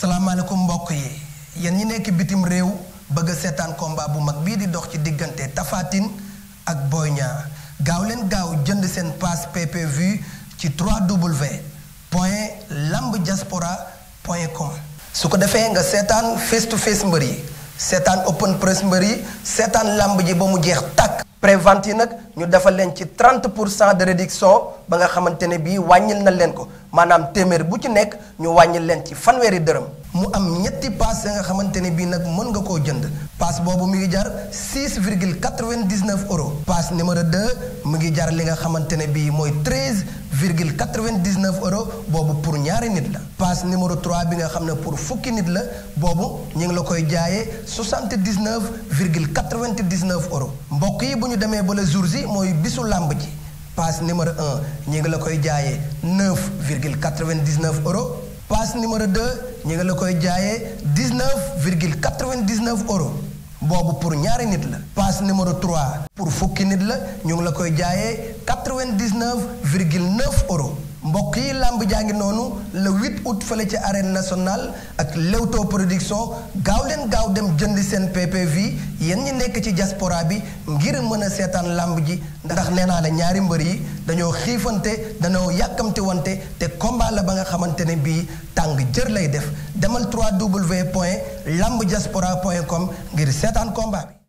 salaamaaleykum mbokk yi yéen ñi nekk bitim réew bëgg seetaan komba bu mag bii di dox ci diggante Tapha ak Boy Niang gaaw leen gaaw jënd seen passe PPV ci 3W point lambdiaspora point com su ko defee nga seetaan face to face mbër yi seetaan open press mbër yi seetaan lamb ji ba mu jeex tàkk prévente yi nag ñu defal leen ci 30 pour cent de réduction ba nga xamante ne bii wàññil na leen ko maanaam téeméer bu ci nekk ñu wàññil leen ci fanweeri dërëm mu am ñetti paas ya nga xamante ne bii nag mën nga koo jënd paas boobu mi ngi jar 6 virgule 99 euros paas numéro 2 mu ngi jar li nga xamante ne bii mooy 13 virgule 99 euros boobu pour ñaari nit la paas numéro 3 bi nga xam ne pour fukki nit la boobu ñu ngi la koy jaayee 79 virgule 99 euros mbokk yi bu ñu demee ba le jour ji mooy bisu làmb ji paas numéro 1 ñu ngi la koy jaayee 9 virgule 99 euros pass numéro 2 ñu ngi la koy jaayee 19 virgule 99 euros boobu pour ñaari nit la pass numéro 3 pour fukki nit la ñu ngi la koy jaayee 99 virgule 9 euros làmb jaa ngi noonu le 8 août fële ci arène nationale ak Leewtoo production gaaw leen gaaw dem jënd seen PPV yéen ñi nekk ci diaspora bi ngir mën a seetaan làmb ji ndax nee naa la ñaari mbër yi dañoo xiifante dañoo yàkkamti wante te combat la ba nga xamante ne bii tàng jër lay def demal 3w point lambdiaspora point comme ngir seetaan combat bi